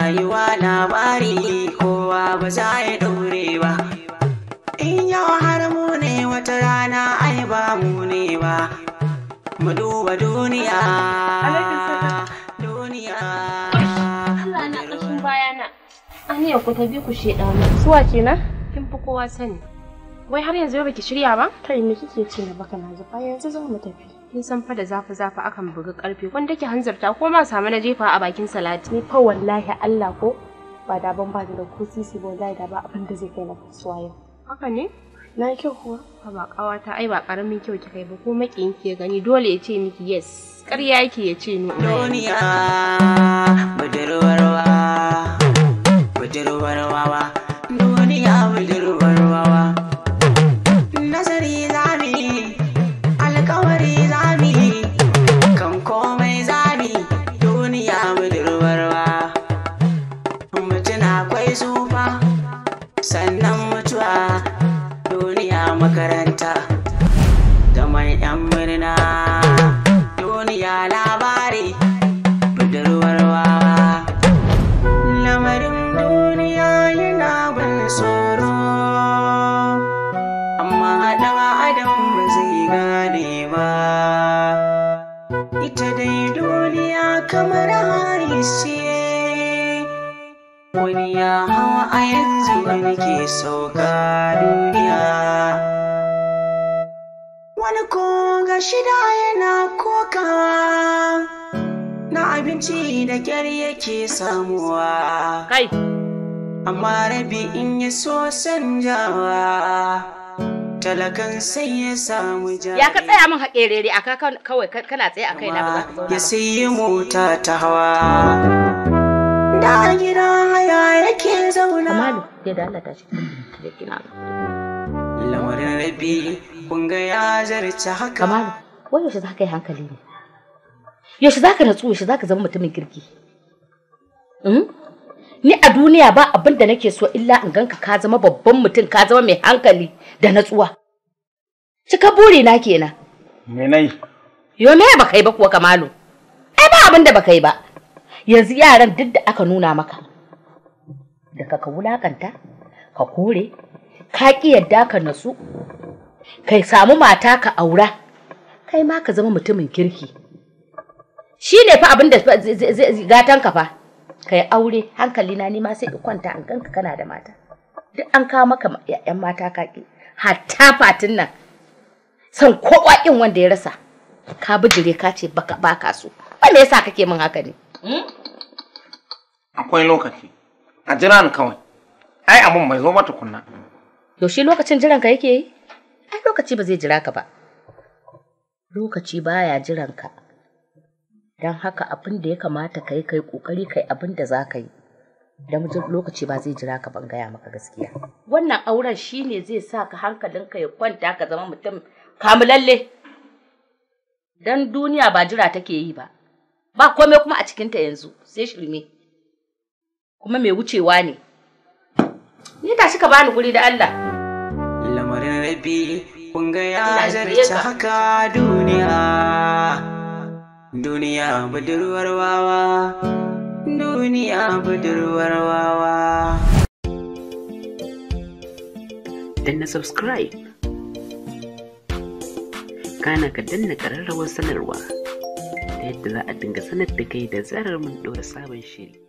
rayuwa labari kowa ba za ya ɗaure ba in yau har mu ne wata rana ai ba mu ne ba mu duba duniya duniya Allah na ƙashin bayana an yau ku tabi ku sheɗa mu suwa kenan kin fi kowa sani Wai har yanzu baki shirya ba? Kai ne kike ce na baka na yanzu zan mu tafi. Kin san fa da zafi zafi akan buga karfe wanda ke hanzarta ko ma samu na jefa a bakin salati. Ni fa wallahi Allah ko ba da ban ba da ko sisi ba wallahi da ba abin da zai kai na kasuwa yau. Haka ne? Na yi kyau kuwa. Ba ba kawata ai ba karamin kyau ki kai ba ko makiyin ki gani dole ya ce miki yes. Ƙarya yake ya ce no. budurwar zuwa duniya makaranta da mai 'yan murna duniya labari budurwar wawa lamarin duniya yana ban tsoro amma ɗan adam ba zai gane ba ita dai duniya kamar harisiya Wani ya hawa a yanzu wani ke sauka duniya. Wani ko ga shida yana koka na abinci da kyar yake samuwa. Kai! Amma rabi in ya so jawa, Talakan sai ya samu jari. Ya ka tsaya min haƙerere a kawai kana tsaye a kai na ba Ya sai mota ta hawa. Da gida nake zauna kamalu da Allah ta ci da kina lamarin rabi kun ga ya zarce haka kamalu wai yaushe za ka yi hankali ne yaushe za ka natsu yaushe za ka zama mutumin kirki hmm? ni a duniya ba abin da nake so illa in ganka ka zama babban mutum ka zama mai hankali da natsuwa cika buri na kenan me nai yo me baka yi ba kuwa kamalu ai ba abin da baka yi ba yanzu yaran duk da aka nuna maka Daga ka wulakanta ka kore ka ƙi yadda ka nasu ka samu mata ka aura kai ma ka zama mutumin kirki shi ne fa abin da gatan ka fa ka yi aure hankali na nima sai kwanta an ganka kana da mata duk an kawo maka ya'yan mata ka ƙi hatta fatin nan san kowa ƙin wanda ya rasa ka bijire ka ce baka baka so me yasa kake min haka ne hmm? akwai lokaci a jira ni kawai ai abun bai zo mata kunna yaushe lokacin jiranka yake yi ai lokaci ba zai jira ka ba lokaci baya jiranka don haka abin da ya kamata ka yi kai kokari kai abin da za ka yi don lokaci ba zai jira ka ban gaya maka gaskiya wannan auren shine zai sa ka hankalinka ya kwanta ka zama mutum kamulalle don duniya ba jira take yi ba ba komai kuma a cikinta yanzu sai shirme kuma mai wucewa ne. Ni tashi ka bani guri da Allah. Lamarin rabi kun ga ya zarce haka duniya. Duniya budurwar wawa. Duniya budurwar wawa. Danna subscribe. Kana ka danna ƙararrawar sanarwa ta yadda za a dinga sanar da kai da zarar mun ɗora sabon shiri.